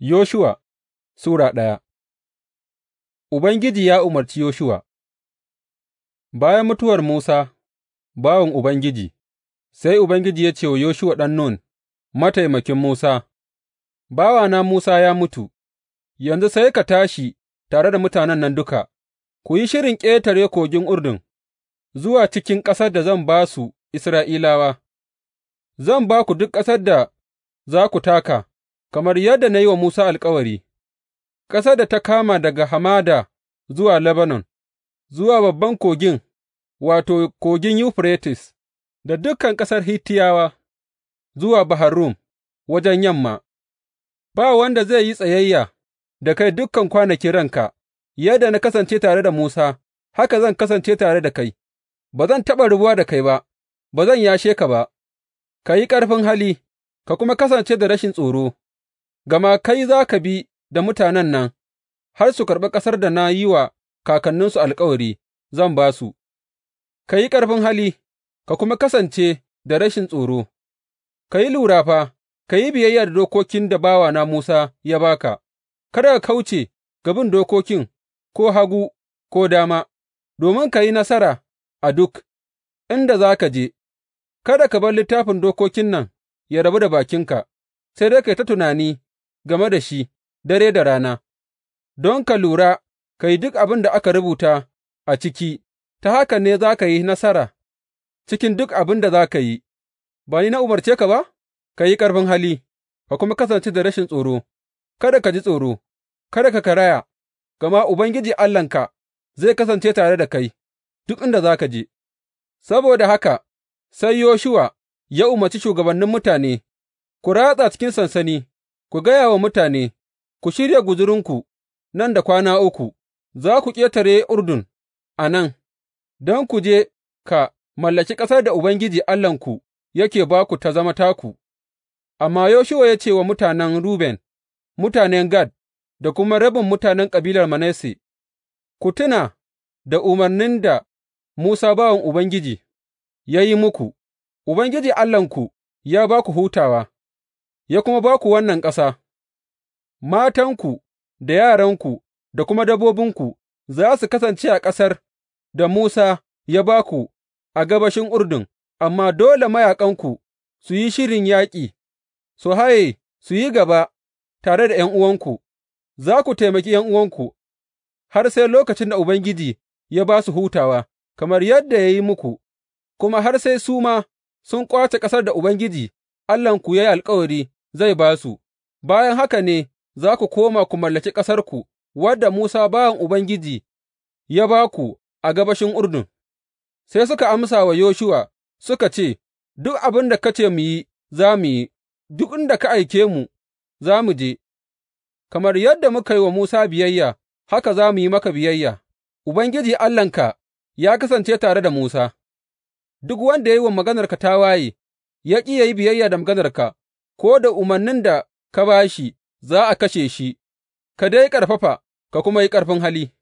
Yoshuwa Sura daya Ubangiji ya umarci Yoshuwa Bayan mutuwar Musa bawan Ubangiji, sai Ubangiji ya ce wa Yoshuwa ɗan Nun, mataimakin Musa, Bawa na Musa ya mutu, yanzu sai ka tashi tare da mutanen nan duka, ku yi shirin ƙetare kogin Urdun zuwa cikin ƙasar da zan ba su Isra'ilawa, zan ba ku duk ƙasar da za ku taka. Kamar yadda na yi wa Musa alkawari, ƙasar da ta kama daga hamada zuwa Lebanon, zuwa babban kogin, wato, kogin Yuferites, da dukan ƙasar Hittiyawa, zuwa Bahar Rum wajen yamma, ba wanda zai yi tsayayya da kai dukan kwanakin ranka, yadda na kasance tare da Musa, haka zan kasance tare da kai, ba zan taɓa rubuwa da kai ba, ba zan yashe ka ba, ka yi ƙarfin hali, ka kuma kasance da rashin tsoro. gama kai za ka bi da mutanen nan har su karɓi ƙasar da na yi wa kakanninsu alkawari zan ba su, ka yi ƙarfin hali, ka kuma kasance da rashin tsoro, ka yi lura fa, ka yi biyayya da dokokin da bawana Musa ya ba ka, kada ka kauce ga bin dokokin ko hagu ko dama, domin ka yi nasara a duk inda za ka je, kada ka bar littafin dokokin nan ya rabu da bakinka, sai dai ka yi ta tunani game da shi dare da rana, don ka lura ka yi duk abin da aka rubuta a ciki, ta haka ne za ka yi nasara cikin duk abin da za ka yi, ba ni na umarce ka ba, ka yi ƙarfin hali, ka kuma kasance da rashin tsoro, kada ka ji tsoro, kada ka karaya, gama Ubangiji Allahnka zai kasance tare da kai duk inda za ka je. Saboda haka, sai Yoshuwa ya umarci shugabannin mutane, Ku ratsa cikin sansani, Ku gaya wa mutane, Ku shirya guzurinku, nan da kwana uku za ku ƙetare Urdun a nan, don ku je ka mallaki ƙasar da Ubangiji Allahnku yake ba ku ta zama taku.’ Amma Yoshuwa ya ce wa mutanen Ruben, mutanen Gad da kuma rabin mutanen kabilar Manasse, Ku tuna da umarnin da Musa bawan Ubangiji ya yi muku, Ubangiji Allahnku ya ba ku hutawa. ya kuma ba ku wannan ƙasa, matanku da yaranku da kuma dabbobinku za su kasance a ƙasar da Musa ya ba ku a gabashin Urdun, amma dole mayaƙanku su yi shirin yaƙi, su haye su yi gaba tare da ’yan'uwanku, za ku taimaki ’yan'uwanku har sai lokacin da Ubangiji ya ba su hutawa, kamar yadda ya yi muku, kuma har sai su ma sun ƙwace ƙasar da Ubangiji Allahnku ya yi alkawari zai ba su, bayan haka ne za ku koma ku mallaki ƙasarku wadda Musa bawan Ubangiji ya ba ku a gabashin Urdun. Sai suka amsa wa Yoshuwa suka ce, Duk abin da ka ce mu yi, za mu yi, duk inda ka aike mu, za mu je, kamar yadda muka yi wa Musa biyayya, haka za mu yi maka biyayya, Ubangiji Allahnka ya kasance tare da Musa, duk wanda ya yi wa maganarka tawaye, ya ƙi ya yi biyayya da maganarka, ko da umarnin da ka ba shi za a kashe shi, ka dai ƙarfafa ka kuma yi ƙarfin hali.